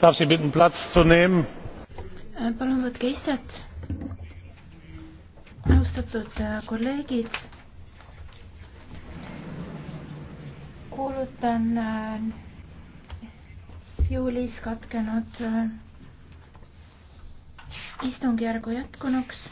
darf sie bitten platz zu nehmen. Äh, palun võtke istet. austatud äh, kolleegid kuulutan äh, juulis katkenud istungjärgu jätkunuks.